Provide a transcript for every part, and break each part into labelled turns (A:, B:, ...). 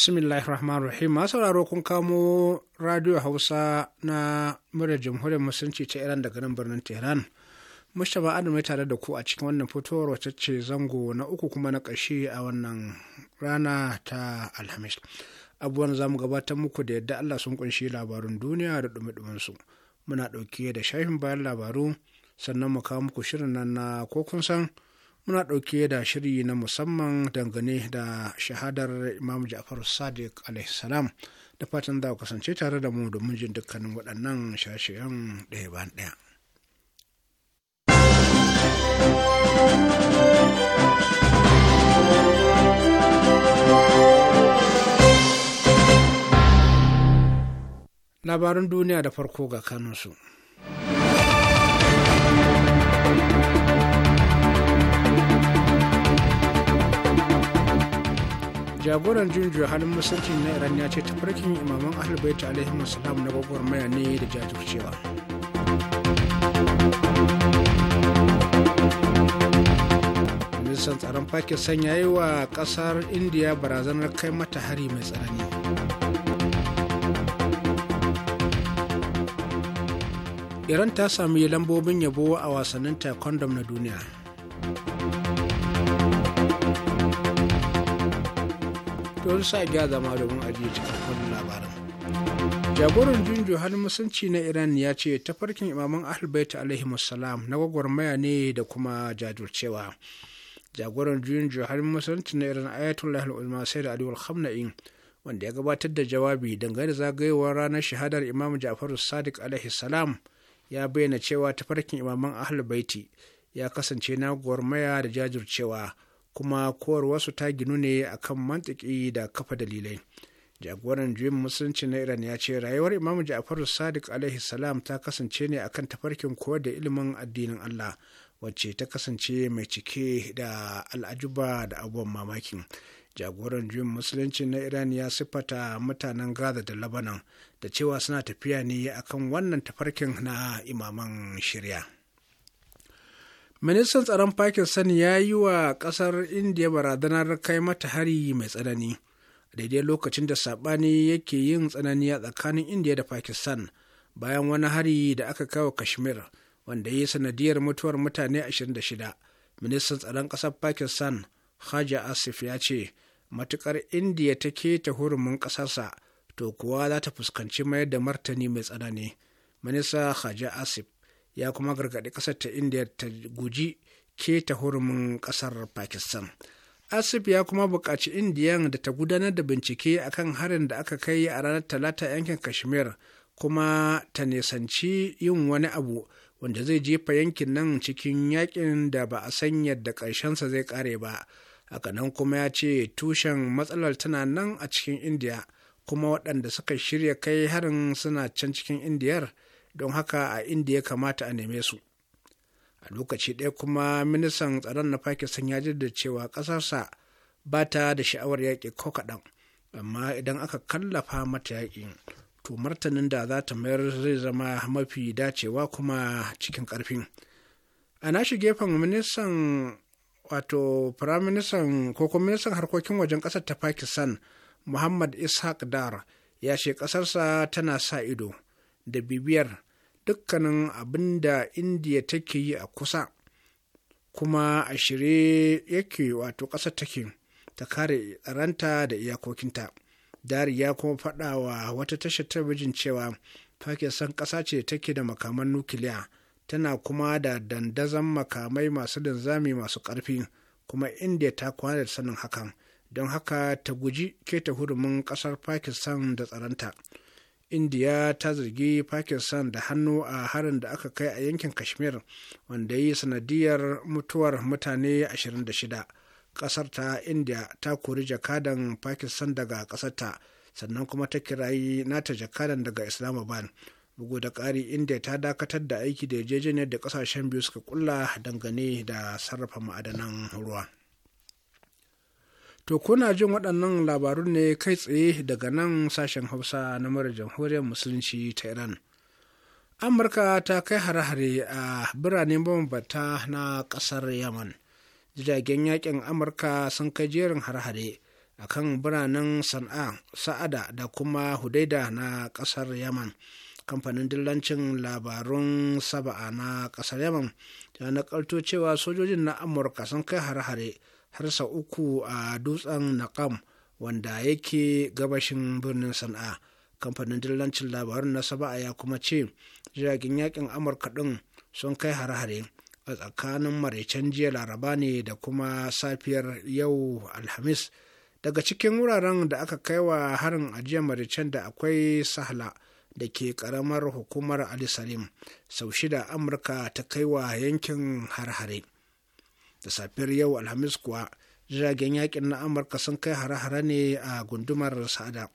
A: bismillahir rahmanir rahim ma sauraro kun kamo radio hausa na murya jamhuriyar musulunci ta iran daga nan birnin tehran mustapha adam ya tare da ku a cikin wannan fitowar wacce ce zango na uku kuma na ƙarshe a wannan rana ta alhamis abubuwan za mu gabatar muku da yadda allah sun kunshi labarun duniya da dumi su muna ɗauke da shafin bayan labaru sannan mu kawo muku shirin nan na ko kun san muna ɗauke da shiri na musamman dangane da shahadar imam ja'far sadiq alaihissalam da fatan za kasance tare da mu domin jin dukkanin waɗannan shashiyan ɗaya bayan ɗaya labarin duniya da farko ga kanunsu jagoran junjiya halin musulci na iran ya ce tafarkin imaman ahalbaita alaihi wasalam na maya ne da jajircewa ministan tsaron pakistan ya yi wa kasar indiya barazanar kai mata hari mai tsanani iran ta sami lambobin yabo a wasannin taekwondo na duniya don sa gya zama domin ajiye cikakkun
B: labaran
A: jagoran junjo har musanci na iran ya ce tafarkin imaman ahlbaita alaihi salam na gwagwarmaya ne da kuma jajircewa jagoran junjo har musanci na iran ayatollah al'ulma sai da aliyu alhamna'in wanda ya gabatar da jawabi dangane da zagayowar ranar shahadar imam ja'faru sadiq alaihi salam ya bayyana cewa tafarkin imaman ahlul baiti ya kasance na gwagwarmaya da jajircewa kuma kowarwarsu ta ginu ne akan mantiki da kafa dalilai jagoran juyin musulunci na iran ya ce rayuwar imamu ja'faru sadiq alaihi salam ta kasance ne akan tafarkin koyar da ilimin addinin allah wacce ta kasance mai cike da al'ajuba da abubuwan mamakin jagoran juyin musulunci na iran ya siffata mutanen gaza da labanan da cewa suna tafiya ne akan wannan tafarkin na imaman shirya ministan tsaron pakistan ya yi wa kasar indiya barazanar kai mata hari mai tsanani daidai lokacin da saɓani yake yin tsanani a tsakanin indiya da pakistan bayan wani hari da aka kawo kashmir wanda ya yi sanadiyar mutuwar mutane 26 ministan tsaron kasar pakistan haja asif ya ce matukar indiya ta keta hurumin ƙasarsa to kuwa za ta fuskanci mayar da martani mai tsanani minista haja asif ya kuma gargaɗi ƙasar ta indiya ta guji keta hurumin ƙasar pakistan asif ya kuma buƙaci indiyan da ta gudanar da bincike akan harin da aka kai a ranar talata yankin kashmir kuma ta nisanci yin wani abu wanda zai jefa yankin nan cikin yakin da ba a san yadda ƙarshensa zai ƙare ba nan kuma ya ce tushen matsalar tana nan a cikin indiya kuma waɗanda suka shirya kai harin suna can cikin indiyar don haka a inda ya kamata a neme su a lokaci ɗaya kuma ministan tsaron na pakistan ya jaddada cewa ƙasarsa ba ta da sha'awar yaƙi ko kaɗan amma idan aka kallafa mata yaƙi to martanin da za ta mayar zai zama mafi dacewa kuma cikin ƙarfin a nashi gefen ministan wato firaministan ko kuma ministan harkokin wajen ƙasar ta pakistan muhammad ishaq dar ya ce ƙasarsa tana sa ido da bibiyar dukkanin abin da indiya take yi a kusa kuma a shirye yake wato ƙasa take ta kare ranta da iyakokinta dari ya kuma faɗa wa wata tashar talabijin cewa pakistan ƙasa ce take da makaman nukiliya tana kuma da dandazan makamai masu linzami masu ƙarfi kuma indiya ta kwana da sanin hakan don haka ta guji keta hurumin ƙasar pakistan da tsaranta indiya ta zargi pakistan da hannu a harin da aka kai a yankin kashmir wanda yi sanadiyar mutuwar mutane 26 ƙasar ta indiya ta kori jakadan pakistan daga ƙasarta sannan kuma ta kirayi nata jakadan daga islamabad bugu da ƙari indiya ta dakatar da aiki da yarjejeniyar da ƙasashen biyu suka kulla dangane da sarrafa ma'adanan ruwa. To kuna jin waɗannan labarun ne kai tsaye daga nan sashen Hausa na mara jamhuriyar Musulunci ta Iran. Amurka ta kai hare-hare a birane mabambanta na ƙasar Yaman. Jiragen yakin Amurka sun kai jerin hare-hare a kan biranen Sana'a, Sa'ada da kuma Hudaida na ƙasar Yaman. Kamfanin dillancin labarun Saba'a na ƙasar Yaman ya nakalto cewa sojojin na Amurka sun kai hare-hare. har sau uku a dutsen Naqam wanda yake gabashin birnin Sana'a. Kamfanin dillancin labarin na Saba'a ya kuma ce jiragen yakin Amurka din sun kai harhare, hare a tsakanin maraicen jiya Laraba ne da kuma safiyar yau Alhamis. Daga cikin wuraren da aka kai wa harin ajiyar maraicen da akwai Sahla. da ke karamar hukumar alisalim sau shida amurka ta kai wa yankin har-hare da safiyar yau alhamis kuwa jiragen yakin na amurka sun kai hare-hare ne a gundumar sada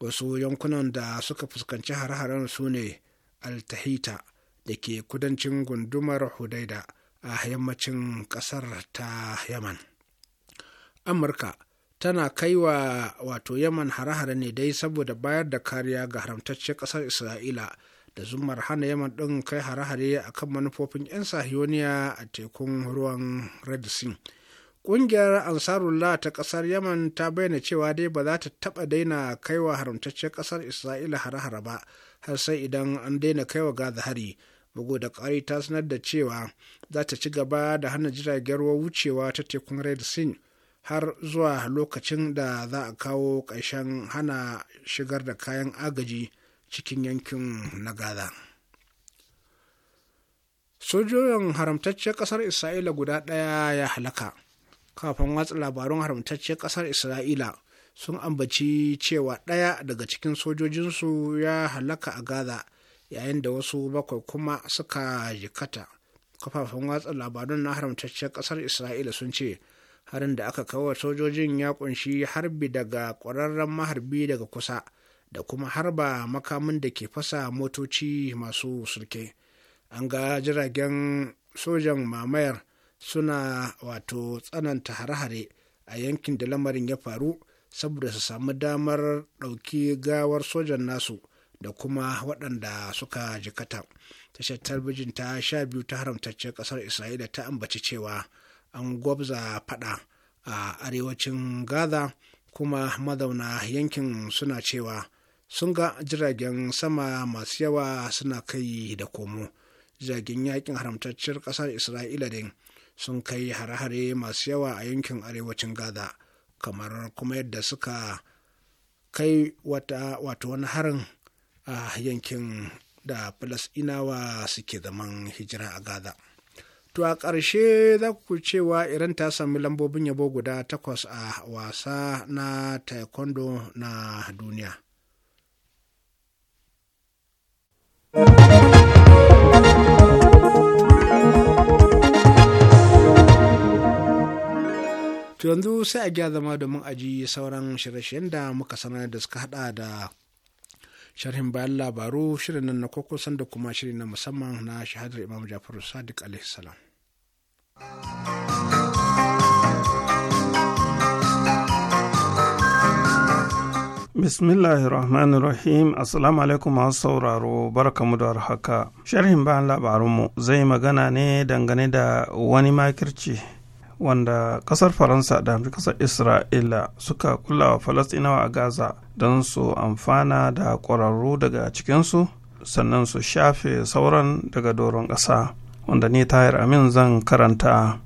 A: wasu yankunan da suka fuskanci hare-haren su ne altahita da ke kudancin gundumar hudaida a yammacin kasar ta yaman amurka tana kaiwa wato yaman hare-hare ne dai saboda bayar da kariya ga haramtaccen kasar isra'ila da zumar hana yaman ɗin kai hare-hare a kan manufofin 'yan sahiyoniya a tekun ruwan red sea ƙungiyar ansarullah ta ƙasar yaman ta bayyana cewa dai ba za ta taɓa daina kaiwa haramtacciyar ƙasar isra'ila hare-hare ba har sai idan an daina kaiwa gaza hari bugu da ƙari ta sanar da cewa za ta ci gaba da hana jiragen ruwa wucewa ta tekun red sea har zuwa lokacin da za a kawo ƙarshen hana shigar da kayan agaji cikin yankin na gaza sojojin haramtacciyar ƙasar isra'ila guda ɗaya ya halaka kafin watsa labarun haramtacciyar ƙasar isra'ila sun ambaci cewa ɗaya daga cikin sojojinsu ya halaka a gaza yayin da wasu bakwai kuma suka jikata kafafen watsa labarun na haramtacciyar ƙasar isra'ila sun ce harin da aka kawo sojojin ya kunshi harbi daga ƙwararren maharbi daga kusa da kuma harba makamin da ke fasa motoci masu surke an ga jiragen sojan mamayar suna wato tsananta hare-hare a yankin da lamarin ya faru saboda su samu damar ɗauki gawar sojan nasu da kuma waɗanda suka jikata tashar talbijin ta sha biyu ta haramtacce ƙasar isra'ila ta ambaci cewa an gwabza faɗa a arewacin gaza kuma mazauna yankin suna cewa sun ga jiragen sama masu yawa suna kai da komo jiragen yakin haramtacciyar ƙasar isra'ila din sun kai hare-hare masu yawa a yankin arewacin gaza kamar kuma yadda suka kai wata wato wani harin a yankin da inawa suke zaman hijira a gaza to a ƙarshe za ku cewa iran ta sami lambobin yabo guda takwas a wasa na taekwondo na duniya To yanzu sai a gya zama domin aji sauran shirye-shiryen da muka sanar da suka hada da sharhin bayan labaru shirin nan na kokosan da kuma shirin na musamman na shahadar imam jafaru sadiq alaihi salam.
C: Bismillahirrahmanirrahim Assalamu alaikum masu sauraro barkamu da haka. Sharhin bayan labarunmu zai magana ne dangane da wani makirci wanda kasar Faransa da kasar Isra'ila suka kula wa Falastinawa a Gaza don su amfana da ƙwararru daga cikinsu sannan su shafe sauran daga doron ƙasa wanda ni tahir amin zan karanta.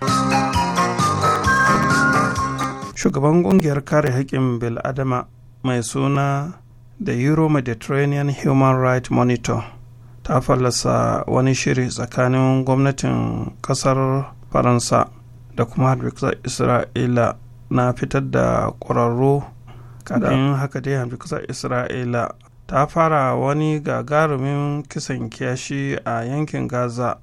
C: shugaban ƙungiyar kare haƙƙin bil'adama mai suna the euro mediterranean human rights monitor ta fallasa wani shiri tsakanin gwamnatin kasar faransa da kuma hadbikasar isra'ila na fitar da ƙwararru kadan haka dai hadbikasar isra'ila ta fara wani gagarumin kisan kiyashi a yankin gaza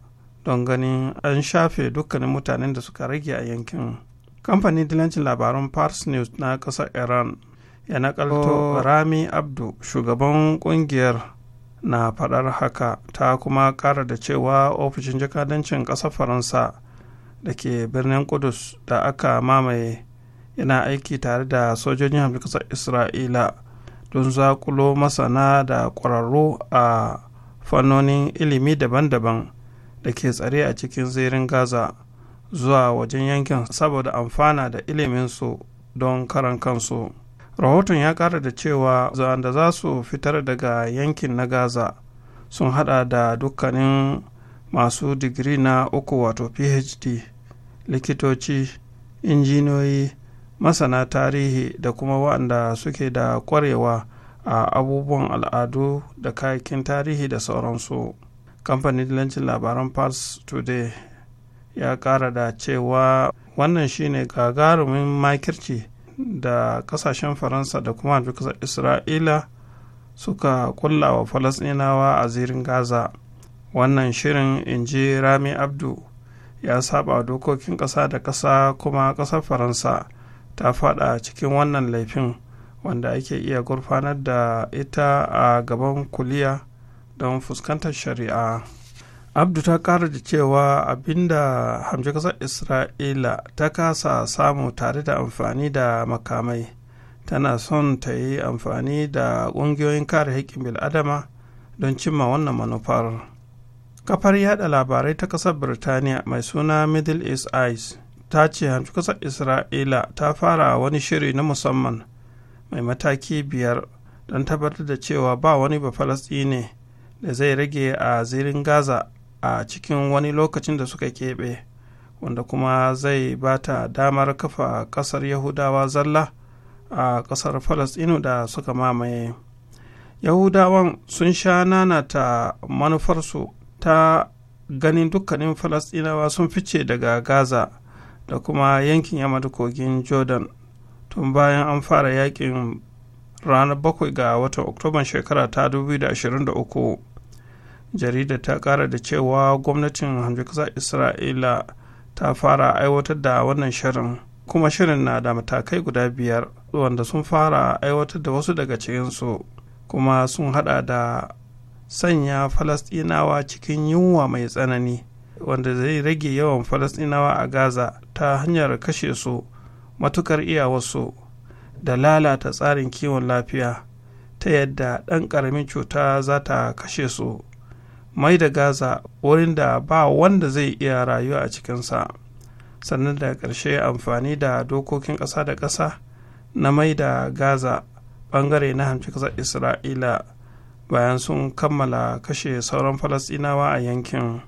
C: don ganin an shafe dukkanin mutanen da suka rage a yankin kamfanin dilancin labarun pars news na ƙasar iran ya nakalto oh. rami abdu shugaban kungiyar na fadar haka ta kuma ƙara da cewa ofishin jakadancin ƙasar faransa da ke birnin kudus da aka mamaye yana aiki tare da sojojin hamdukasar isra'ila don zakulo masana da ƙwararru a fannonin ilimi daban-daban da ke tsare a cikin zirin gaza zuwa wajen yankin saboda amfana da iliminsu don karan kansu. rahoton ya kara da cewa da za su fitar daga yankin na gaza sun hada da dukkanin masu digiri na uku wato phd likitoci injiniyoyi masana tarihi da kuma waɗanda suke da kwarewa a abubuwan al'adu da kayakin tarihi da sauransu kamfanin lancin labaran pars today ya ƙara da cewa wannan shine gagarumin makirci da kasashen faransa da kuma kasar isra'ila suka kulla wa falasɗinawa a zirin gaza wannan shirin in ji rami abdu ya saba dokokin ƙasa da ƙasa kuma ƙasar faransa ta fada cikin wannan laifin wanda ake iya gurfanar da ita a gaban kuliya don fuskantar shari'a. abdu ta kara da cewa abinda hamshe kasar isra'ila ta kasa samu tare da amfani da makamai tana son ta yi amfani da ƙungiyoyin kare haƙƙin bil'adama don cimma wannan manufar kafar yada labarai ta kasar birtaniya mai suna middle east eyes ta ce hamshe kasar isra'ila ta fara wani shiri na musamman mai mataki biyar don tabbatar da cewa ba wani ba da zai rage a zirin gaza a cikin wani lokacin da suka keɓe wanda kuma zai ba ta damar kafa ƙasar yahudawa zalla a ƙasar falasɗinu da suka mamaye yahudawan sun sha nanata manufarsu ta ganin dukkanin falasɗinawa sun fice daga gaza da kuma yankin yamma da kogin jordan tun bayan an fara yakin ranar 7 ga watan oktoban shekara ta 2023 jarida ta kara da cewa gwamnatin hamdukasar isra'ila ta fara aiwatar da wannan shirin kuma shirin na da matakai guda biyar wanda sun fara aiwatar da wasu daga cikinsu kuma sun hada da sanya falastinawa cikin yunwa mai tsanani wanda zai rage yawan falastinawa a gaza ta hanyar kashe su matukar iyawarsu da lalata tsarin kiwon lafiya ta yadda ɗan ƙaramin cuta za ta kashe su mai da gaza wurin da ba wanda zai iya rayuwa a cikinsa sannan da ƙarshe amfani da dokokin ƙasa da ƙasa na mai da gaza ɓangare na hamci ƙasar isra'ila bayan sun kammala kashe sauran falasɗinawa a yankin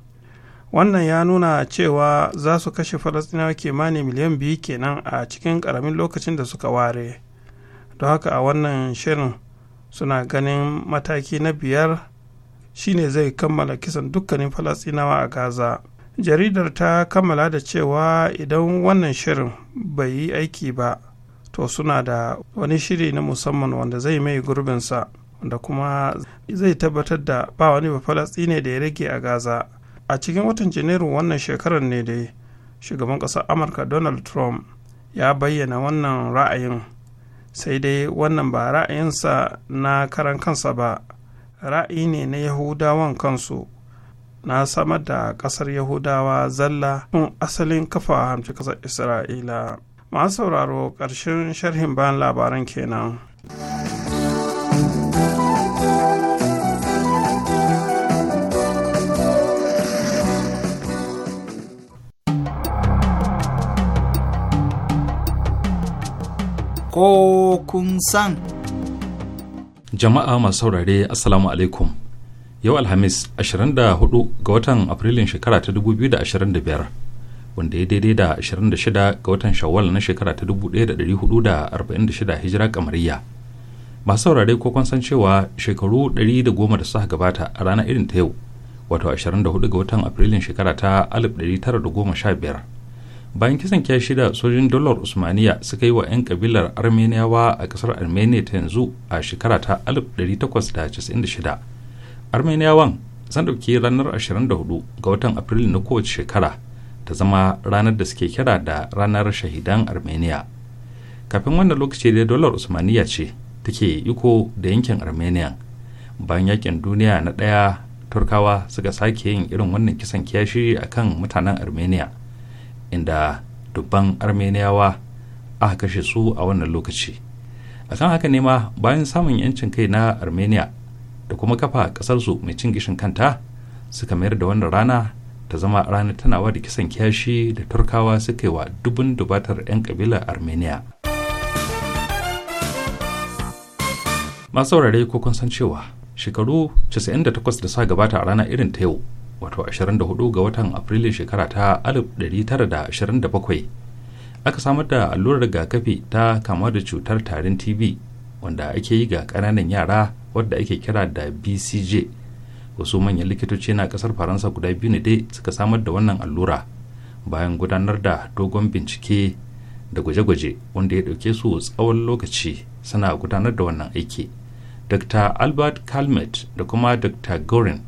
C: wannan ya nuna cewa za su kashe falasɗinawa kimanin miliyan biyu kenan a cikin ƙaramin lokacin da suka ware don haka a wannan shirin suna ganin mataki na biyar shine zai kammala kisan dukkanin falasinawa a gaza jaridar ta kammala da cewa idan wannan shirin bai yi aiki ba to suna da wani shiri na musamman wanda zai mai gurbinsa wanda kuma zai tabbatar da ba wani ba falastine da ya rage a gaza a cikin watan janairu wannan shekarar ne dai shugaban ƙasar amurka donald trump ya bayyana wannan ra'ayin sai dai wannan ba ra'ayinsa na karan kansa ba ra'ayi ne na yahudawan kansu na sama da ƙasar yahudawa zalla tun asalin kafa hamci ƙasar isra'ila masu sauraro ƙarshen sharhin bayan labaran kenan.
D: ko kun san.
E: jama'a masu saurare assalamu alaikum yau alhamis 24 ga watan afrilun shekara ta 2025 wanda ya daidai da 26 ga watan shawwal na shekara ta 1446 hijira kamariya masu saurare ko kun san cewa shekaru 110 da suka gabata a ranar irin ta yau wato 24 ga watan afrilun shekara ta 1915 bayan kisan kyashi da sojin dolar usmaniya suka yi wa 'yan kabilar armeniyawa a kasar armenia ta yanzu a shekara ta 1896 armeniyawan sun ɗauki ranar 24 ga watan afrilu na kowace shekara ta zama ranar da suke kira da ranar shahidan armeniya kafin wannan lokaci da dolar usmaniya ce take iko da yankin armeniya bayan yakin duniya na ɗaya turkawa suka sake yin irin wannan kisan kiyashi kan mutanen armeniya inda dubban armeniyawa aka kashe su a wannan lokaci akan haka ne ma bayan samun yancin kai na armenia da kuma kafa kasarsu mai cin gishin kanta suka mayar da wannan rana ta zama ranar tanawa da kisan kyashi da turkawa suka yi wa dubun dubatar 'yan kabilar armenia masu saurare ko kun san cewa shekaru 98 da sa gabata a rana irin ta yau wato 24 ga watan afrilu shekara ta 1927 aka samar da allurar rigakafi ta kama da cutar tarin tb wanda ake yi ga ƙananan yara wadda ake kira da bcj wasu manyan likitoci na ƙasar faransa guda biyu ne dai suka samar da wannan allura bayan gudanar da dogon bincike da gwaje-gwaje wanda ya dauke su tsawon lokaci suna gudanar da wannan aiki dr albert calmet da kuma dr gorin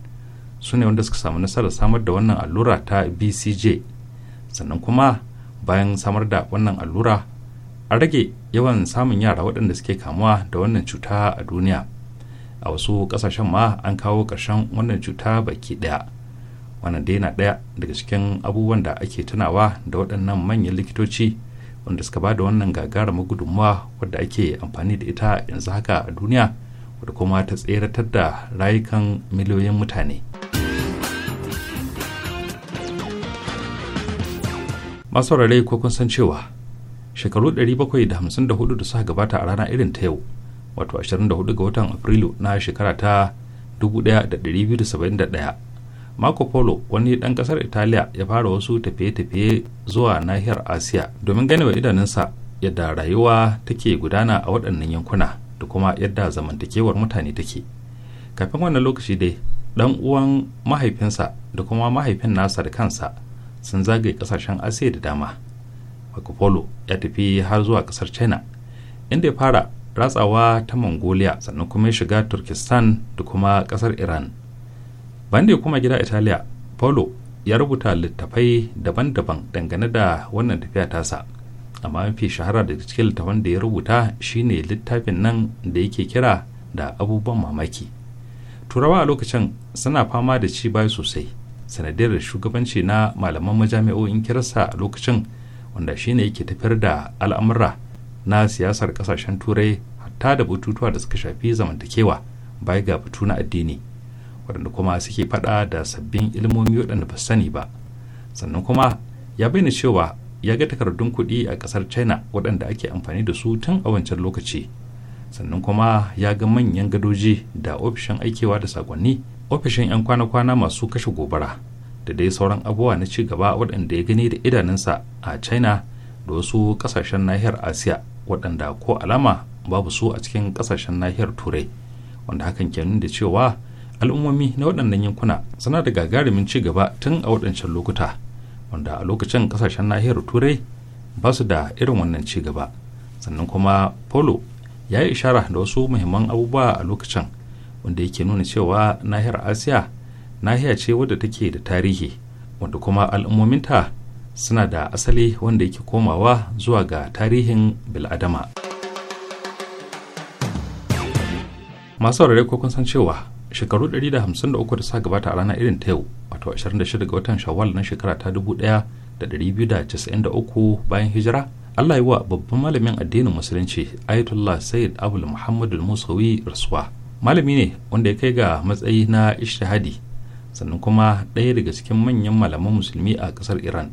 E: su ne wanda suka samu nasarar samar da wannan allura ta bcj sannan kuma bayan samar da wannan allura a rage yawan samun yara waɗanda suke kamuwa da wannan cuta a duniya a wasu ƙasashen ma an kawo ƙarshen wannan cuta baki ɗaya wannan dai na ɗaya daga cikin abubuwan da ake tunawa da waɗannan manyan likitoci wanda suka ba da wannan gagara gudunmuwa wadda ake amfani da ita yanzu haka a duniya wadda kuma ta tseratar da rayukan miliyoyin mutane masu rarrai ko kun san cewa shekaru 754 da suka gabata a rana irin ta yau wato 24 ga watan afrilu na shekara ta 1271 marco polo wani dan kasar italiya ya fara wasu tafiye-tafiye zuwa nahiyar asiya domin ganewa idanunsa yadda rayuwa take gudana a waɗannan yankuna da kuma yadda zamantakewar mutane take kafin wannan lokaci dai ɗan uwan mahaifinsa da kuma mahaifin nasa da kansa sun zagaye kasashen asiya da dama marco ya tafi har zuwa kasar china inda ya fara ratsawa ta mongolia sannan kuma ya shiga turkistan da kuma kasar iran banda ya kuma gida italiya polo ya rubuta littafai daban-daban dangane da wannan tafiya tasa amma mafi shahara da cikin littafan da ya rubuta shine littafin nan da yake kira da abubuwan mamaki turawa a lokacin suna fama da ci bayi sosai sanadiyar shugabanci na malaman majami'o'in kirista a lokacin wanda shi ne yake tafiyar da al'amura na siyasar kasashen turai hatta da bututuwa da suka shafi zamantakewa baya ga batu na addini waɗanda kuma suke faɗa da sabbin ilmomi waɗanda ba sani ba sannan kuma ya bayyana cewa ya ga takardun kuɗi a ƙasar china waɗanda ake amfani da su tun a wancan lokaci sannan kuma ya ga manyan gadoji da ofishin aikewa da sakonni ofishin 'yan kwana-kwana masu kashe gobara da dai sauran abubuwa na ci gaba waɗanda ya gani da idanunsa a china da wasu ƙasashen nahiyar asiya waɗanda ko alama babu su a cikin ƙasashen nahiyar turai wanda hakan ke nuna cewa al'ummomi na waɗannan yankuna suna da gagarumin ci gaba tun a waɗancan lokuta wanda a lokacin ƙasashen nahiyar turai ba su da irin wannan ci gaba sannan kuma polo ya yi ishara da wasu muhimman abubuwa a lokacin wanda yake nuna cewa nahiyar asiya nahiya ce wadda take da tarihi wanda kuma al'ummominta suna da asali wanda yake komawa zuwa ga tarihin bil'adama masu saurare ko kun san cewa shekaru 153 da suka gabata a ranar irin ta yau wato 26 ga watan shawwal na shekara ta 1293 bayan hijira Allah yi wa babban malamin addinin musulunci Ayatollah Sayyid Abul Muhammadul Musawi rasuwa malami ne wanda ya kai ga matsayi na ishtihadi sannan kuma ɗaya daga cikin manyan malaman musulmi a ƙasar iran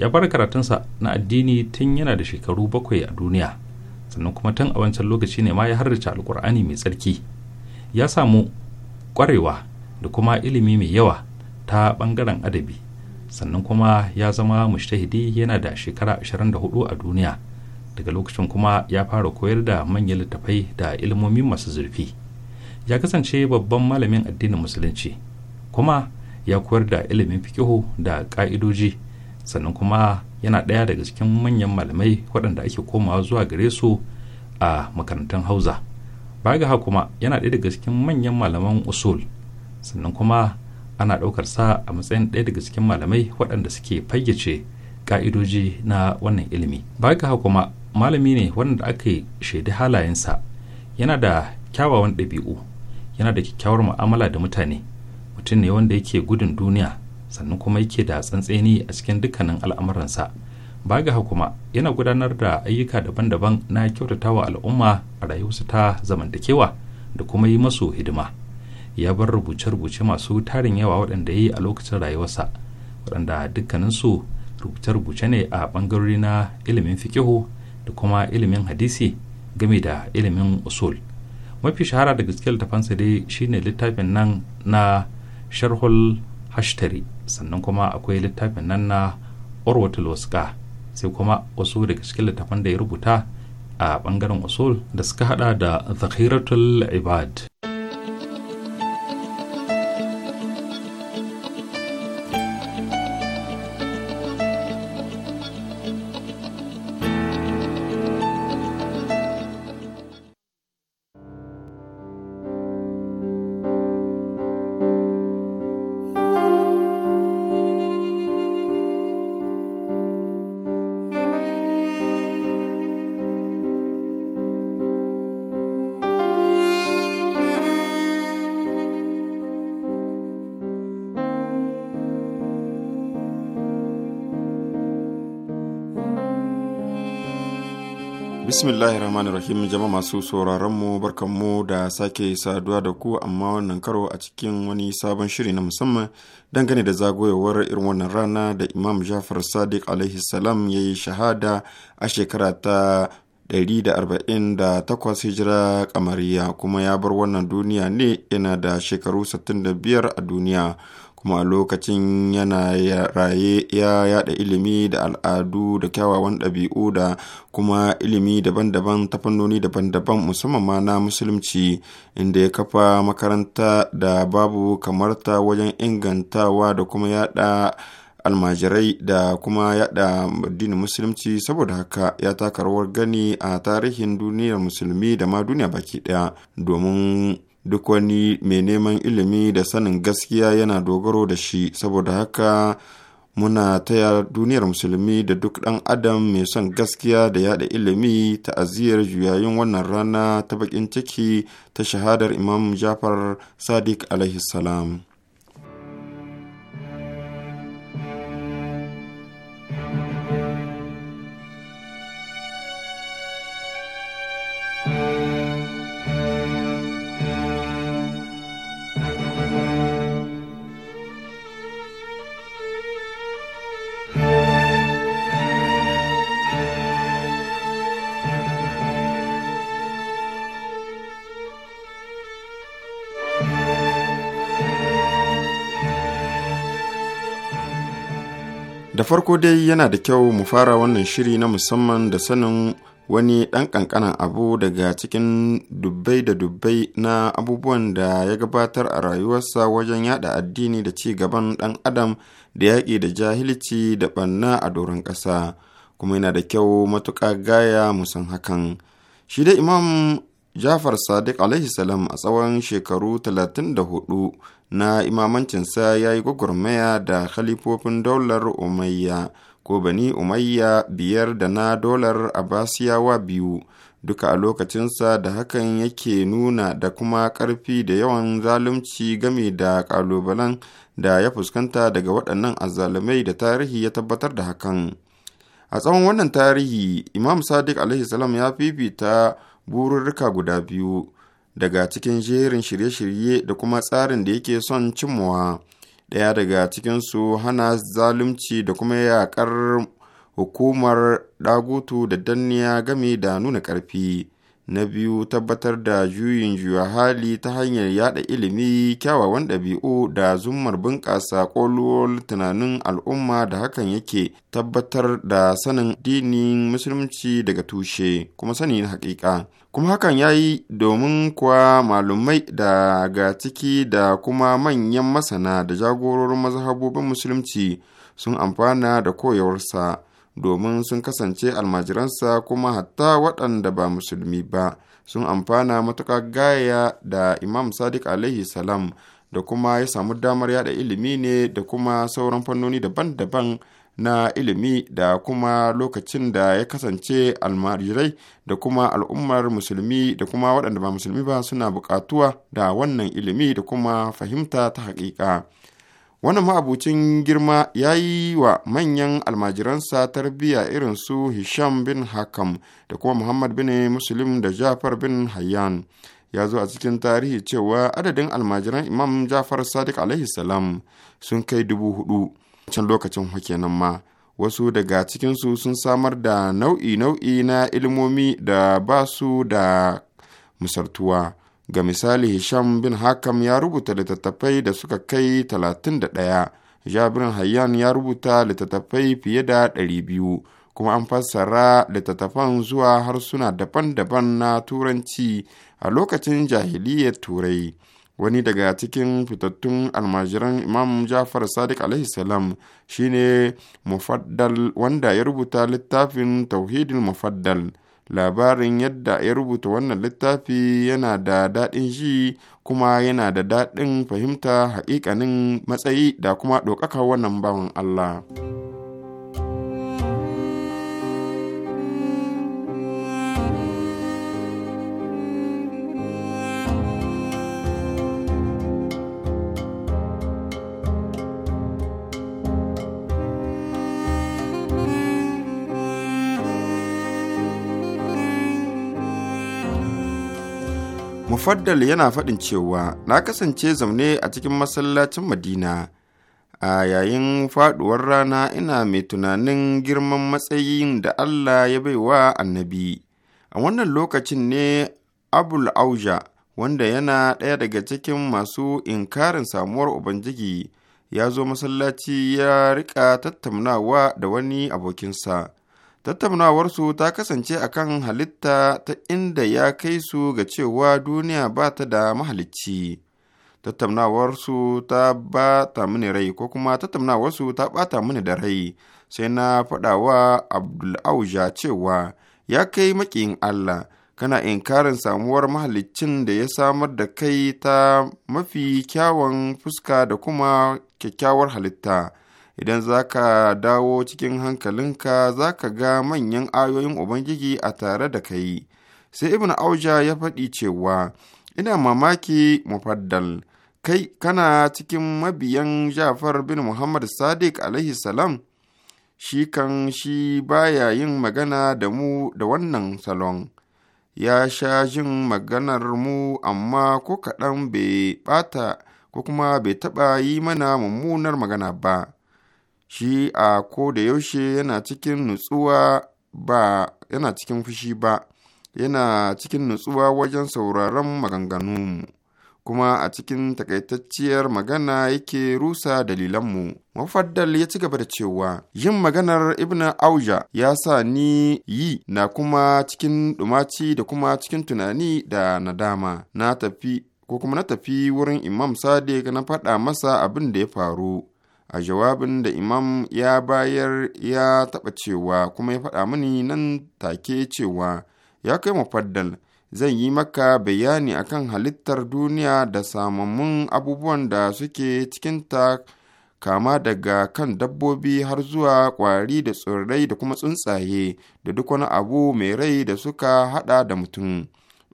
E: ya fara karatunsa na addini tun yana da shekaru bakwai a duniya sannan kuma tun a wancan lokaci ne ma ya harrace alkur'ani mai tsarki ya samu ƙwarewa da kuma ilimi mai yawa ta ɓangaren adabi sannan kuma ya zama mushtahidi yana da shekara 24 a duniya daga lokacin kuma ya fara koyar da manyan littattafai da ilimomi masu zurfi. ya kasance babban malamin addinin musulunci kuma ya koyar da ilimin fikihu da ka'idoji sannan kuma yana ɗaya daga cikin manyan malamai waɗanda ake komawa zuwa gare su a makarantar hauza ba ga kuma yana ɗaya daga cikin manyan malaman usul sannan kuma ana ɗaukar sa a matsayin ɗaya daga cikin malamai waɗanda suke fayyace ka'idoji na wannan ilimi ba ga kuma malami ne wanda aka shaidi halayensa yana da kyawawan ɗabi'u yana da kyakkyawar mu'amala da mutane mutum ne wanda yake gudun duniya sannan kuma yake da tsantseni a cikin dukkanin al'amuransa ba ga kuma yana gudanar da ayyuka daban-daban na kyautatawa al'umma a rayuwarsu ta zamantakewa da kuma yi masu hidima ya bar rubuce-rubuce masu tarin yawa waɗanda ya yi a lokacin rayuwarsa waɗanda dukkaninsu rubuce-rubuce ne a ɓangarori na ilimin fikihu da kuma ilimin hadisi game da ilimin usul mafi shahara daga cikin littafansa dai shine littafin nan na sharhul hashtari sannan kuma akwai littafin nan na orwatul wasqa sai kuma wasu daga cikin littafan da ya rubuta a bangaren usul da suka hada da zakhiratul ibad
F: bismillahi rahmanir rahim jama'a masu sauraron mu barkanmu da sake saduwa da ku amma wannan karo a cikin wani sabon shiri na musamman dangane da zagoyewar irin wannan rana da imam jafar sadiq alaihi salam ya yi shahada a shekara ta 148 hijira kamariya kuma ya bar wannan duniya ne yana da shekaru biyar a duniya kuma a lokacin yana raye ya yada ilimi da al'adu da kyawawan ɗabi'u da kuma ilimi daban-daban ta fannoni daban-daban musamman ma na musulunci inda ya kafa makaranta da babu kamarta wajen ingantawa da kuma yada almajirai da kuma yada addinin musulunci saboda haka ya taka rawar gani a tarihin duniyar musulmi da ma duniya baki daya domin duk wani mai neman ilimi da sanin gaskiya yana dogaro da shi saboda haka muna taya duniyar musulmi da duk ɗan adam mai son gaskiya da yada ilimi ta'aziyar juyayin wannan rana ta bakin ciki ta shahadar imam jafar sadiq alaihi salam Da farko dai yana da kyau mu fara wannan shiri na musamman da sanin wani ɗan ƙanƙanan abu daga cikin dubbai da dubbai na abubuwan da ya gabatar a rayuwarsa wajen yada addini da ci gaban ɗan adam da yaƙi da jahilci da ɓanna a doron ƙasa kuma yana da kyau matuƙa gaya musan hakan shi dai imam jafar sadiq alaihi salam a tsawon shekaru 34 na imamancinsa ya yi gwagwarmaya da khalifofin daular umayya ko bani umayya biyar da na dolar abasiyawa biyu duka a lokacinsa da hakan yake nuna da kuma karfi da yawan zalunci game da ƙalubalen da ya fuskanta daga waɗannan azzalumai da tarihi ya tabbatar da hakan a tsawon wannan tarihi imam sadiq salam ya fifita bururruka guda biyu daga cikin jerin shirye-shirye da kuma tsarin da yake son cimmawa ɗaya daga cikinsu hana zalunci da kuma yaƙar hukumar ɗagutu da danniya game da nuna ƙarfi na biyu tabbatar da juyin juya hali ta hanyar yada ilimi kyawawan ɗabi'u da zummar bunƙasa ƙoluwar tunanin al'umma da hakan yake tabbatar da sanin dinin musulunci daga tushe kuma sanin haƙiƙa kuma hakan ya yi domin kuwa malumai daga ciki da kuma manyan masana da jagororin mazhabobin musulunci sun amfana da koyawarsa domin sun kasance almajiransa kuma hatta waɗanda ba musulmi ba sun amfana matuƙa gaya da imam sadiq alaihi salam da kuma ya samu damar yada ilimi ne da kuma sauran fannoni daban-daban na ilimi da kuma lokacin da ya kasance almarirai da kuma al'ummar musulmi da kuma waɗanda ba musulmi ba suna buƙatuwa da wannan ilimi da kuma fahimta ta haƙiƙa. wannan ma'abucin girma ya yi wa manyan almajiransa tarbiyya irin su hisham bin hakam da kuma muhammad bin muslim da jafar bin hayyan ya zo a cikin tarihi cewa adadin almajiran imam jafar sadiq alaihi salam sun kai dubu hudu can lokacin kenan ma wasu daga cikinsu sun samar da nau'i-nau'i na ilmomi da ba su da misaltuwa ga misali hisham bin hakam ya rubuta littattafai da suka kai 31 jabirin hayyan ya rubuta littattafai fiye da 200 kuma an fassara littattafan zuwa harsuna daban-daban na turanci a lokacin jahiliyyar turai wani daga cikin fitattun almajiran imam jafar sadiq alaihi salam shine mufaddal wanda ya rubuta littafin tauhidin mufaddal labarin yadda ya rubuta wannan littafi yana da daɗin ji kuma yana da daɗin fahimta haƙiƙanin matsayi da kuma ɗaukaka wannan bawan allah mufaddal yana faɗin cewa na kasance zaune a cikin masallacin madina a yayin faɗuwar rana ina mai tunanin girman matsayin da allah ya baiwa annabi a wannan lokacin ne abul auja wanda yana ɗaya daga cikin masu inkarin samuwar ubangiji ya zo masallaci ya rika tattaunawa da wani abokinsa tattaunawarsu ta kasance a kan halitta ta inda ya kai su ga cewa duniya ba ta da mahalicci tattaunawarsu ta ba ta mini rai ko kuma tattaunawarsu ta ta mini da rai sai na faɗawa abdulauja cewa ya kai maƙiyin allah kana inkarin samuwar mahaliccin da ya samar da kai ta mafi kyawun fuska da kuma kyakkyawar halitta idan za ka dawo cikin hankalinka za ka ga manyan ayoyin ubangiji a tare da kai sai ibn auja ya faɗi cewa ina mamaki mufaddal kai kana cikin mabiyan jafar bin muhammad sadiq alaihi salam shi kan shi baya yin magana da mu da wannan salon ya sha jin maganar mu amma ko kaɗan bai ɓata ko kuma bai taɓa yi mana mummunar magana ba shi a ko da yaushe yana cikin nutsuwa ba yana cikin fushi ba yana cikin nutsuwa wajen sauraron maganganunmu kuma a cikin takaitacciyar magana yake rusa dalilanmu. Mafaddal ya ci gaba da cewa, yin maganar Ibn Auja ya sa ni yi na kuma cikin dumaci da kuma cikin tunani da nadama, na tafi ko kuma na tafi wurin Imam Sadiq na faɗa masa abin da ya faru. a jawabin da imam ya bayar ya taɓa cewa kuma ya faɗa mini nan take cewa ya kai mafaddal zan yi maka bayani akan halittar duniya da samammun abubuwan da suke cikinta kama daga kan dabbobi har zuwa ƙwari da tsirrai da kuma tsuntsaye da duk wani abu mai rai da suka haɗa da mutum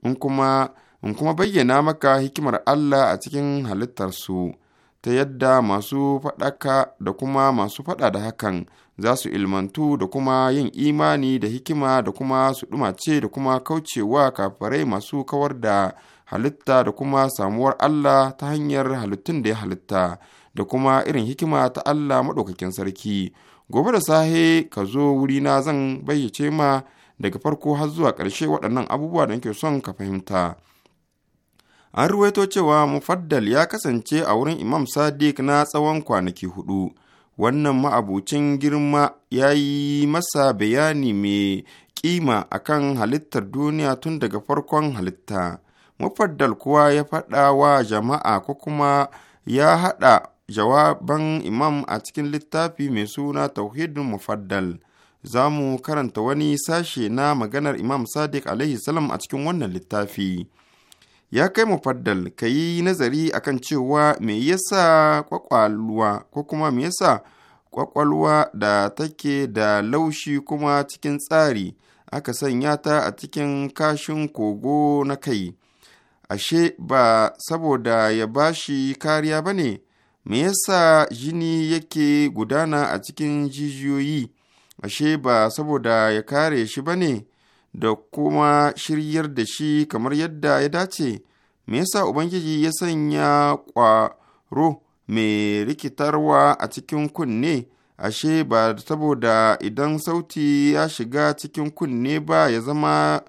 F: in kuma in kuma bayyana maka hikimar Allah a cikin halittarsu ta yadda masu faɗaka da kuma masu faɗa da hakan za su ilmantu da kuma yin imani da hikima da kuma su ɗumace da kuma kaucewa kafarai masu kawar da halitta da kuma samuwar Allah ta hanyar halittun da ya halitta da kuma irin hikima ta Allah maɗaukakin sarki. Gobe da sahe ka zo wurina zan bayyace ma daga farko har zuwa ƙarshe waɗannan abubuwa da nake son ka fahimta. An ruwaito cewa Mufaddal ya kasance a wurin Imam Sadiq na tsawon kwanaki hudu. Wannan ma'abucin girma ya yi masa bayani mai kima akan halittar duniya tun daga farkon halitta. Mufaddal kuwa ya faɗa wa jama'a ko kuma ya haɗa jawaban imam a cikin littafi mai suna Tauhidin Mufaddal. Za mu karanta wani sashe na maganar Imam Sadiq alaihi a cikin wannan littafi. ya kai mu faddal ka yi nazari akan cewa me yasa kwakwalwa ko kuma me yasa kwakwalwa da take da laushi kuma cikin tsari aka sanya ta a cikin kashin kogo na kai ashe ba saboda ya bashi kariya ba ne me yasa jini yake gudana a cikin jijiyoyi ashe ba saboda ya kare shi ba ne da kuma shiryar da shi kamar yadda ya dace me yasa ubangiji ya sanya ƙwaro mai rikitarwa a cikin kunne ashe ba saboda idan sauti ya shiga cikin kunne ba ya zama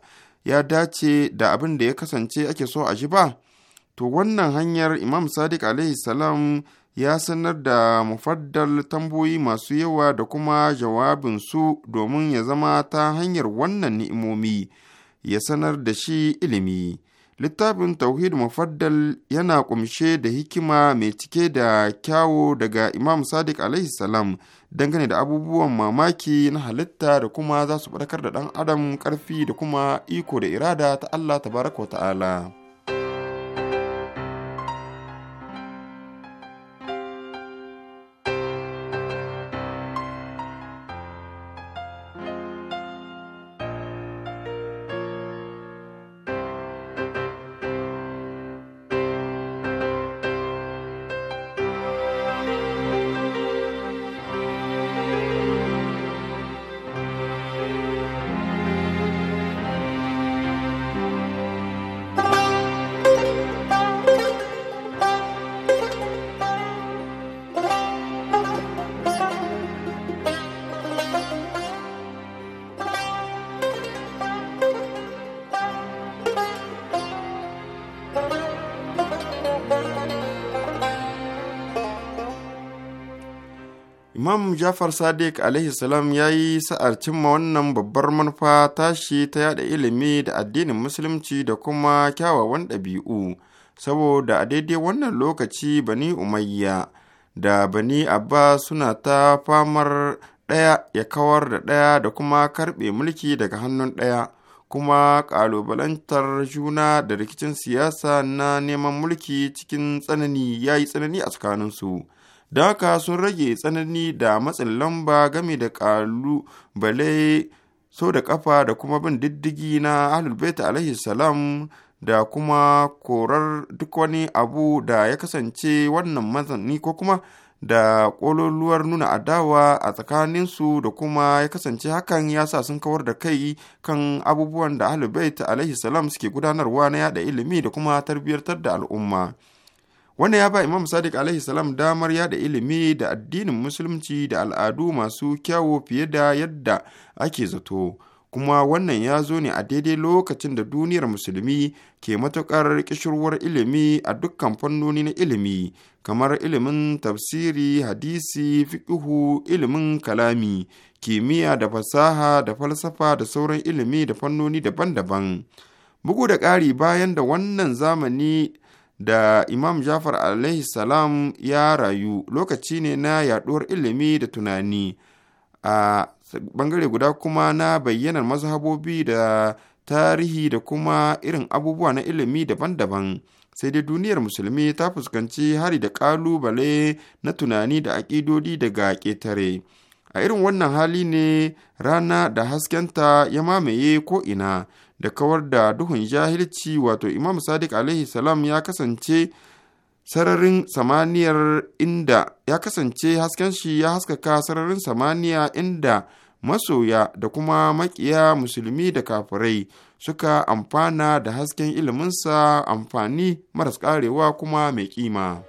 F: ya dace da abin da ya kasance ake so a ji ba to wannan hanyar imam sadiq Alayhi salam ya sanar da mufaddal tamboyi masu yawa da kuma jawabinsu domin ya zama ta hanyar wannan ni'imomi ya sanar da shi ilimi. Littafin Tauhid Mufaddal yana kumshe da hikima mai cike da kyawo daga Imam Sadiq dangane da abubuwan mamaki na halitta da kuma za su da ɗan adam ƙarfi da kuma iko da irada ta Allah baraka wa ta'ala. Jafar Sadiq alaihi salam ya yi sa'ar cimma wannan babbar manufa tashi ta yada ilimi da addinin musulunci da kuma kyawawan ɗabi'u, saboda a daidai wannan lokaci Bani Umayya da Bani Abba suna ta famar ɗaya ya kawar da ɗaya da kuma karɓe mulki daga hannun ɗaya, kuma ƙalubalantar juna da rikicin siyasa na neman mulki cikin tsanani ya yi tsanani a tsakaninsu. da haka sun rage tsanani da matsin lamba game da ƙalubale sau da ƙafa da kuma bin diddigi na ahlul alaihi salam da kuma korar duk wani abu da ya kasance wannan mazani ko kuma da ƙololuwar nuna adawa a tsakaninsu da kuma ya kasance hakan ya sa sun kawar da kai kan abubuwan da ahlul alaihi salam suke gudanarwa na yada ilimi da kuma tarbiyartar da al'umma. wanda ya ba imam sadiq alaihi salam damar yada ilimi da addinin musulunci da al'adu masu kyawo fiye da yadda ake zato kuma wannan ya zo ne a daidai lokacin da duniyar musulmi ke matuƙar kishirwar ilimi a dukkan fannoni na ilimi kamar ilimin tafsiri hadisi fiƙihu ilimin kalami kimiyya da fasaha da falsafa da sauran ilimi da fannoni daban-daban bugu da ƙari bayan da wannan zamani da Imam Jafar alaihi salam ya rayu lokaci ne na yaɗuwar ilimi da tunani a bangare guda kuma na bayyanar mazhabobi da tarihi da kuma irin abubuwa na ilimi daban-daban sai dai duniyar musulmi ta fuskanci hari da ƙalubale na tunani da aƙidodi daga ƙetare a irin wannan hali ne rana da haskenta ya mamaye ko'ina da kawar da duhun jahilci wato imam sadiq alaihi salam ya kasance sararin samaniyar inda ya kasance hasken shi ya haskaka sararin samaniya inda masoya da kuma makiya musulmi da kafirai suka amfana da hasken iliminsa amfani maras karewa kuma mai kima.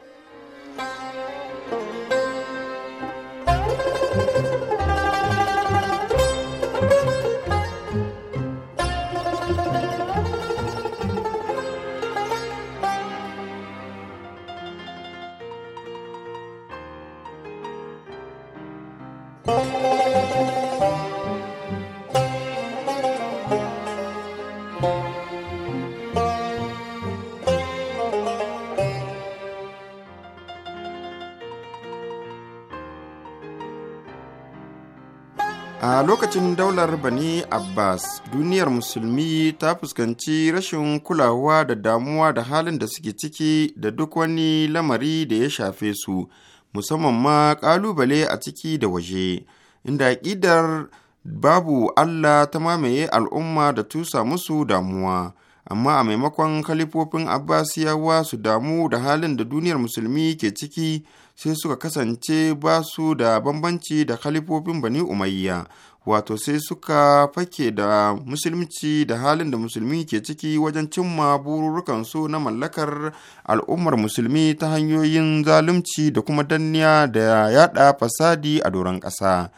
F: lokacin daular Bani Abbas, duniyar musulmi ta fuskanci rashin kulawa da damuwa da halin da suke ciki da duk wani lamari da ya shafe su, musamman ma ƙalubale a ciki da waje, inda ƙidar babu Allah ta mamaye al'umma da tusa musu damuwa. Amma a maimakon kalifofin Abbasiyawa su damu da halin da duniyar musulmi ke ciki, sai suka kasance ba su da bambanci da kalifofin bani umayya wato sai suka fake da musulunci da halin da musulmi ke ciki wajen cimma bururukansu na mallakar al'ummar musulmi ta hanyoyin zalunci da kuma danniya da yada fasadi a doron ƙasa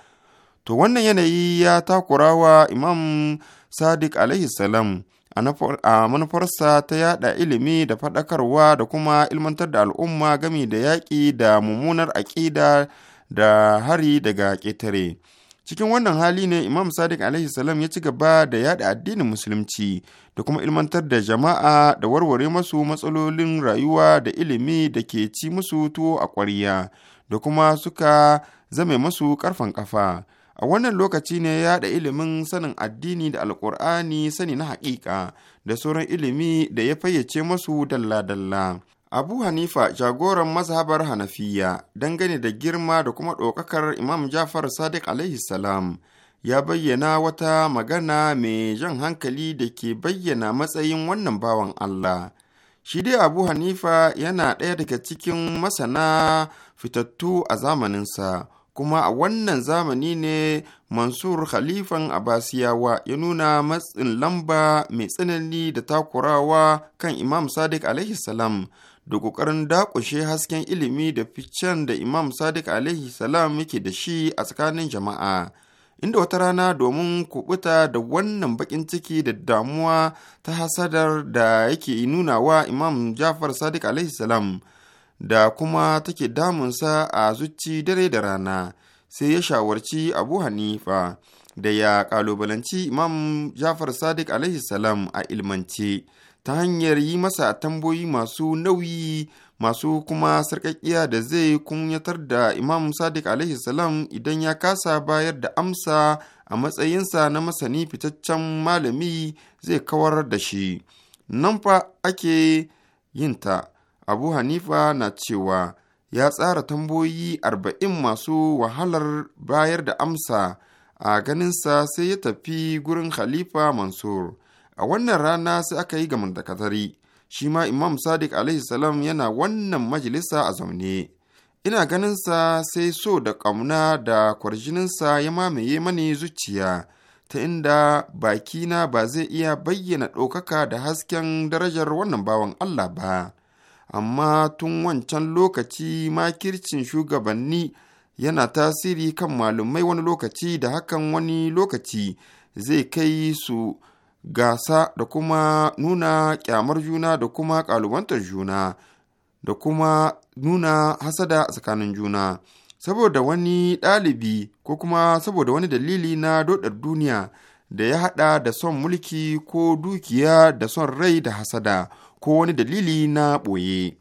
F: to wannan yanayi ya takurawa imam sadiq alaihi a manufarsa ta yada ilimi da faɗakarwa da kuma ilmantar da al'umma gami da yaƙi da mummunar aƙida da hari daga ƙetare. cikin wannan hali ne imam sadiq alaihi salam ya ci gaba da yada addinin musulunci da kuma ilmantar da jama'a da warware masu matsalolin rayuwa da ilimi da ke ci musu tuwo a ƙwarya da kuma suka zame masu karfan ƙafa a wannan lokaci ne ya da ilimin sanin addini da alkur'ani sani na haƙiƙa da sauran ilimi da ya fayyace masu dalla-dalla Abu Hanifa jagoran mazhabar Hanafiya dangane da girma da kuma ɗaukakar Imam Jafar Sadiq alaihi salam ya bayyana wata magana mai jan hankali da ke bayyana matsayin wannan bawan Allah. Shi dai Abu Hanifa yana ɗaya daga cikin masana fitattu a zamaninsa, kuma a wannan zamani ne Mansur Khalifan abasiyawa ya nuna matsin lamba mai tsanani da takurawa kan Imam Sadiq alaihi salam. da ƙoƙarin daƙushe hasken ilimi da ficen da Imam Sadiq alaihi salam yake da shi a tsakanin jama'a. Inda wata rana domin kubuta da wannan baƙin ciki da damuwa ta hasadar da yake nuna wa Imam Jafar Sadiq alaihi salam da kuma take damunsa a zuci dare da rana sai ya shawarci Abu Hanifa da ya ƙalubalanci Imam Jafar Sadiq alaihi salam a ilmance. ta hanyar yi masa tamboyi masu nauyi masu kuma sarƙaƙiya da zai kunyatar da imam sadiq alaihi idan ya kasa bayar da amsa a matsayinsa na masani fitaccen malami zai kawar da shi nan fa ake yinta abu hanifa na cewa ya tsara tamboyi arba'in masu wahalar bayar da amsa a ganinsa sai ya tafi gurin khalifa mansur a wannan rana sai aka yi gamin da katari shi ma imam sadiq alaihi salam yana wannan majalisa a zaune ina ganinsa sai so da ƙauna da kwarjininsa ya mamaye mani zuciya ta inda bakina ba zai iya bayyana ɗaukaka da hasken darajar wannan bawan Allah ba, amma tun wancan lokaci makircin shugabanni yana tasiri kan malumai wani lokaci da hakan wani lokaci zai kai su gasa da kuma nuna kyamar juna da kuma kalubantar juna da kuma nuna hasada tsakanin juna saboda wani ɗalibi ko kuma saboda wani dalili na dodar duniya da ya haɗa da son mulki ko dukiya da son rai da hasada ko wani dalili na ɓoye.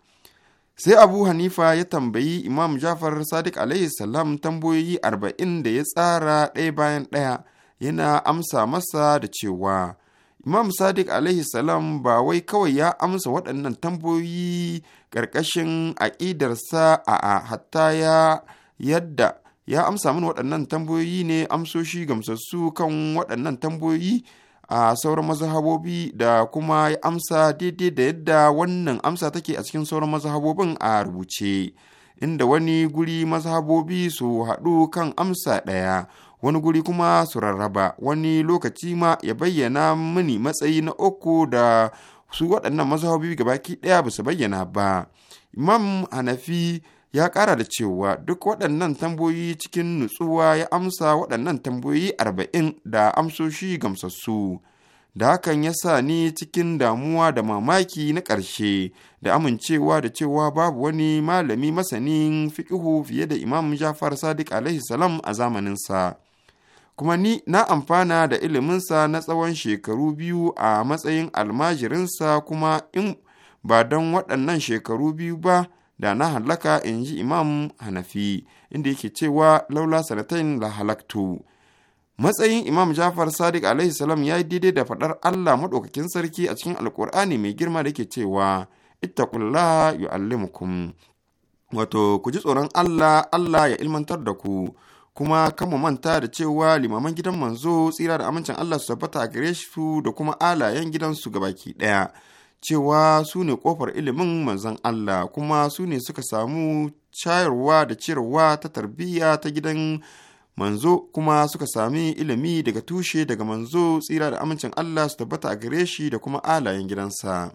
F: sai abu hanifa ya tambayi imam jafar sadiq alayhi salam tambayoyi arba'in da ya tsara ɗaya bayan ɗaya yana amsa masa da cewa Imam Sadiq alaihi salam ba wai kawai ya amsa waɗannan tambayoyi ƙarƙashin aƙidarsa a hatta ya yadda ya amsa mani waɗannan tambayoyi ne amsoshi gamsassu kan waɗannan tambayoyi a sauran mazhabobi da kuma ya amsa daidai da yadda wannan amsa take a cikin sauran mazhabobin a rubuce inda wani guri mazhabobi su haɗu kan amsa ɗaya wani guri kuma su rarraba wani lokaci ma ya bayyana mini matsayi na uku da su waɗannan mazhabi gabaki ɗaya ba su bayyana ba imam hanafi ya ƙara da cewa duk waɗannan tambayoyi cikin nutsuwa ya amsa waɗannan tambayoyi arba'in da amsoshi gamsassu da hakan ya sa ni cikin damuwa da mamaki na ƙarshe da amincewa da cewa babu wani malami masanin fiƙihu fiye da imam jafar sadiq alaihi salam a zamaninsa kuma ni na amfana da iliminsa na tsawon shekaru biyu a matsayin almajirinsa kuma in ba don waɗannan shekaru biyu ba da na halaka in ji imam hanafi inda yake cewa laula sanatain la halaktu matsayin imam jafar sadiq alaihi ya yi daidai da faɗar allah maɗaukakin sarki a cikin alkur'ani mai girma da yake cewa ittaqullaha yu'allimukum wato ku ji tsoron allah allah ya ilmantar da ku kuma kan mu manta da cewa limaman gidan manzo tsira da amincin Allah su tabbata a gare su da kuma alayen gidansu gabaki ɗaya cewa su ne kofar ilimin manzon Allah kuma su ne suka samu cayarwa da ciyarwa ta tarbiyya ta gidan manzo kuma suka sami ilimi daga tushe daga manzo tsira da amincin Allah su tabbata a gare shi da kuma alayen gidansa.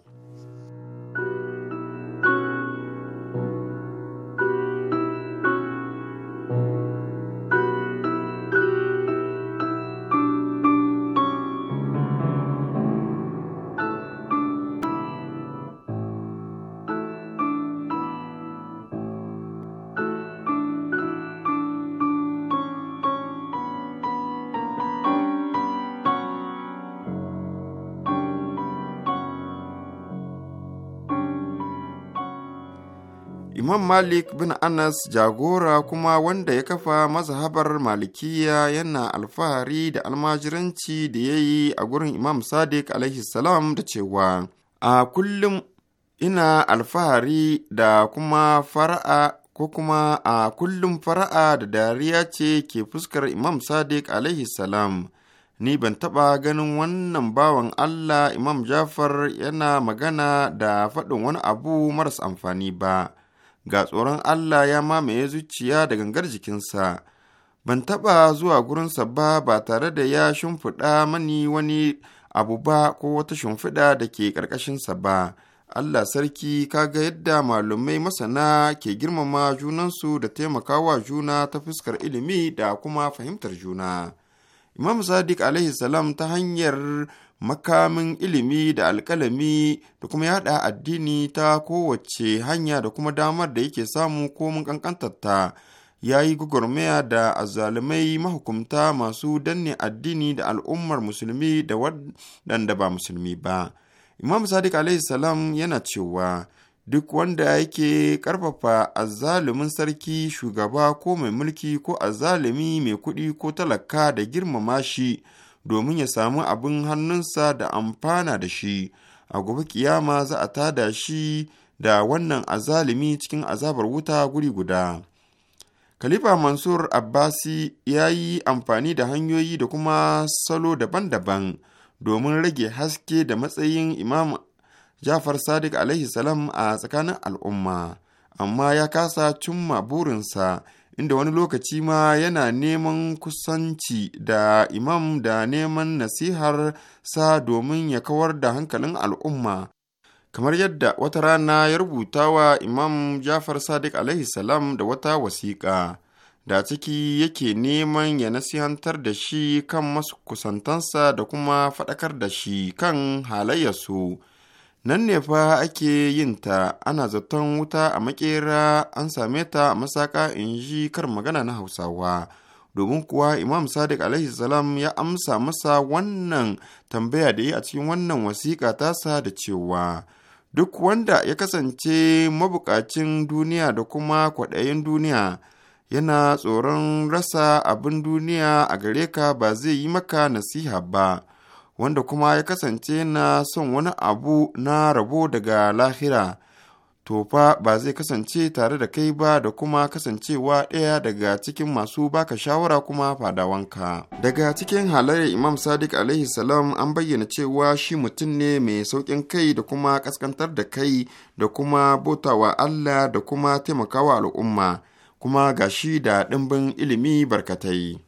F: Malik bin Anas jagora kuma wanda ya kafa mazhabar Malikiya yana alfahari da almajiranci da ya yi a gurin Imam Sadiq alaihi salam da cewa a kullum ina alfahari da kuma fara'a ko kuma a kullum fara'a da dariya ce ke fuskar Imam Sadiq alaihi salam. ni ban taɓa ganin wannan bawan Allah Imam Jafar yana magana da faɗin wani abu maras amfani ba, ga tsoron Allah ya mamaye zuciya da gangar jikinsa, ban taɓa zuwa gurinsa ba ba tare da ya shimfiɗa mani wani abu ba ko wata shimfiɗa da ke ƙarƙashinsa ba. Allah sarki kaga yadda malumai masana ke girmama junansu da taimakawa juna ta fuskar ilimi da kuma fahimtar juna. Imam Sadiq alaihi salam ta hanyar makamin ilimi da alkalami da kuma yada addini ta kowace hanya da kuma damar da yake samu komin kankantarta ya yi gugurmaya da azzalumai mahukumta masu danne addini da al'ummar musulmi da waɗanda ba musulmi ba imam sadiq alaihi salam yana cewa duk wanda yake karfafa azzalumin sarki shugaba ko mai mulki ko azzalumi mai kuɗi ko talaka da girmama shi domin ya samu abin hannunsa da amfana da shi a gobe kiyama za a tada shi da wannan azalimi cikin azabar wuta guri guda Khalifa Mansur Abbasi ya yi amfani da hanyoyi da kuma salo daban-daban domin rage haske da matsayin Imam Jafar Sadiq alaihi a tsakanin al'umma, amma ya kasa cimma burinsa inda wani lokaci ma yana neman kusanci da imam da neman nasihar sa domin ya kawar da hankalin al'umma kamar yadda wata rana ya rubuta wa imam jafar sadiq alaihi salam da wata wasiƙa da ciki yake neman ya nasihantar da shi kan masu kusantansa da kuma faɗakar da shi kan halayyarsu nan ne fa ake yin ta ana zaton wuta a makera an same ta a masaka in ji kar magana na hausawa domin kuwa imam sadiq alaihi salam ya amsa masa wannan tambaya da yi a cikin wannan wasiƙa tasa da cewa duk wanda ya kasance mabukacin duniya da kuma kwaɗayin duniya yana tsoron rasa abin duniya a gare ka ba zai yi maka nasiha ba wanda kuma ya kasance na son wani abu na rabo daga lahira to fa ba zai kasance tare da kai ba da kuma kasancewa ɗaya daga cikin masu baka shawara kuma fadawanka daga cikin halayyar imam sadiq alaihi salam an bayyana cewa shi mutum ne mai sauƙin kai da kuma ƙasƙantar da kai da kuma bautawa allah da kuma taimakawa al'umma kuma ga shi da ɗimbin ilimi barkatai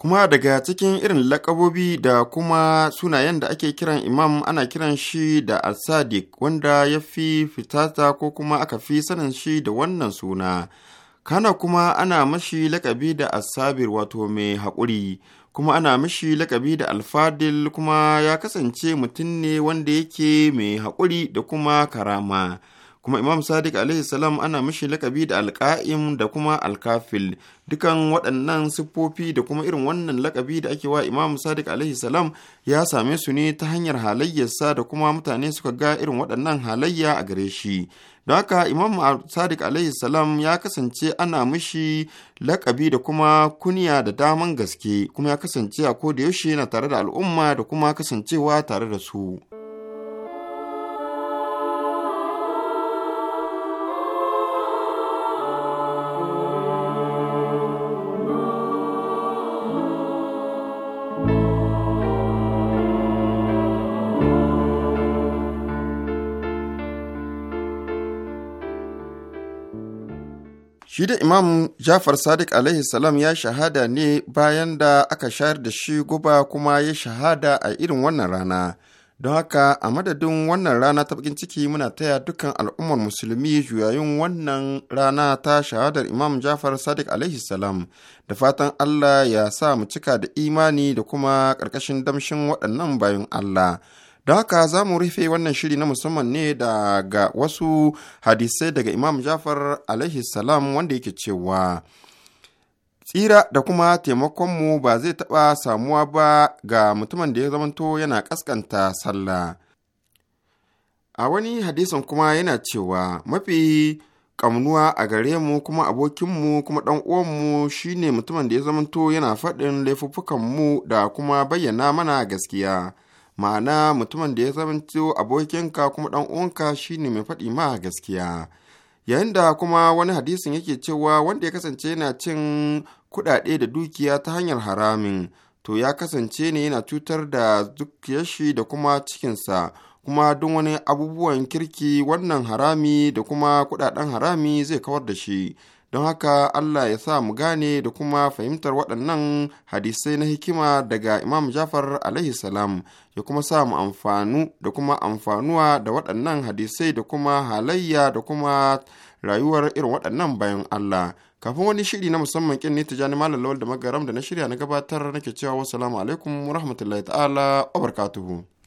F: kuma daga cikin irin lakabobi da kuma sunayen da ake kiran imam ana kiran shi da al-sadiq wanda ya fi fitata ko kuma aka fi sanin shi da wannan suna kana kuma ana mashi lakabi da asabir wato mai haƙuri kuma ana mashi lakabi da alfadil kuma ya kasance mutum ne wanda yake mai haƙuri da kuma karama kuma imam sadiq alaihi salam ana mishi lakabi da alka'im da kuma alkafil dukan waɗannan siffofi da kuma irin wannan lakabi da ake wa imam sadiq alaihi salam ya same su ne ta hanyar halayyarsa da kuma mutane suka ga irin waɗannan halayya a gare shi don haka imam sadiq alaihi salam ya kasance ana mishi lakabi da kuma kuniya da daman gaske kuma ya kasance a ko da yaushe yana tare da al'umma da kuma kasancewa tare da su Shi da Imam Jafar Sadiq alaihi salam ya shahada ne bayan da aka shayar da shi guba kuma ya shahada a irin wannan rana. Don haka a madadin wannan rana ta bakin ciki muna taya dukkan al'ummar musulmi juyayin wannan rana ta shahadar Imam Jafar Sadiq alaihi salam da fatan Allah ya sa mu cika da imani da kuma ƙarƙashin damshin waɗannan bayan Allah. da haka za mu rufe wannan shiri na musamman ne daga wasu hadisai daga imam jafar alaihi salam wanda yake cewa tsira da kuma taimakonmu ba zai taɓa samuwa ba ga mutumin da ya zamanto yana ƙasƙanta sallah a wani hadisan kuma yana cewa mafi ƙamnuwa a gare mu kuma abokinmu kuma ɗan uwanmu shine mutumin da ya zamanto yana faɗin laifuffukanmu da kuma bayyana mana gaskiya. ma'ana mutumin da ya zamanto abokinka kuma ɗan uwanka shine mai faɗi ma gaskiya yayin da kuma wani hadisin yake cewa wanda ya kasance yana cin kuɗaɗe da dukiya ta hanyar haramin to ya kasance ne yana cutar da dukiyar da kuma cikinsa kuma don wani abubuwan kirki wannan harami da kuma kuɗaɗen harami zai kawar da shi don haka Allah ya sa mu gane da kuma fahimtar waɗannan hadisai na hikima daga Imam Jafar alaihi salam ya kuma sa mu amfanu da kuma amfanuwa da waɗannan hadisai da kuma halayya da kuma rayuwar irin waɗannan bayan Allah. Kafin wani shiri na musamman kin ne tijani malam lawal da magaram da na shirya na gabatar nake cewa wasu alaikum wa rahmatullahi ta'ala wa barakatuhu.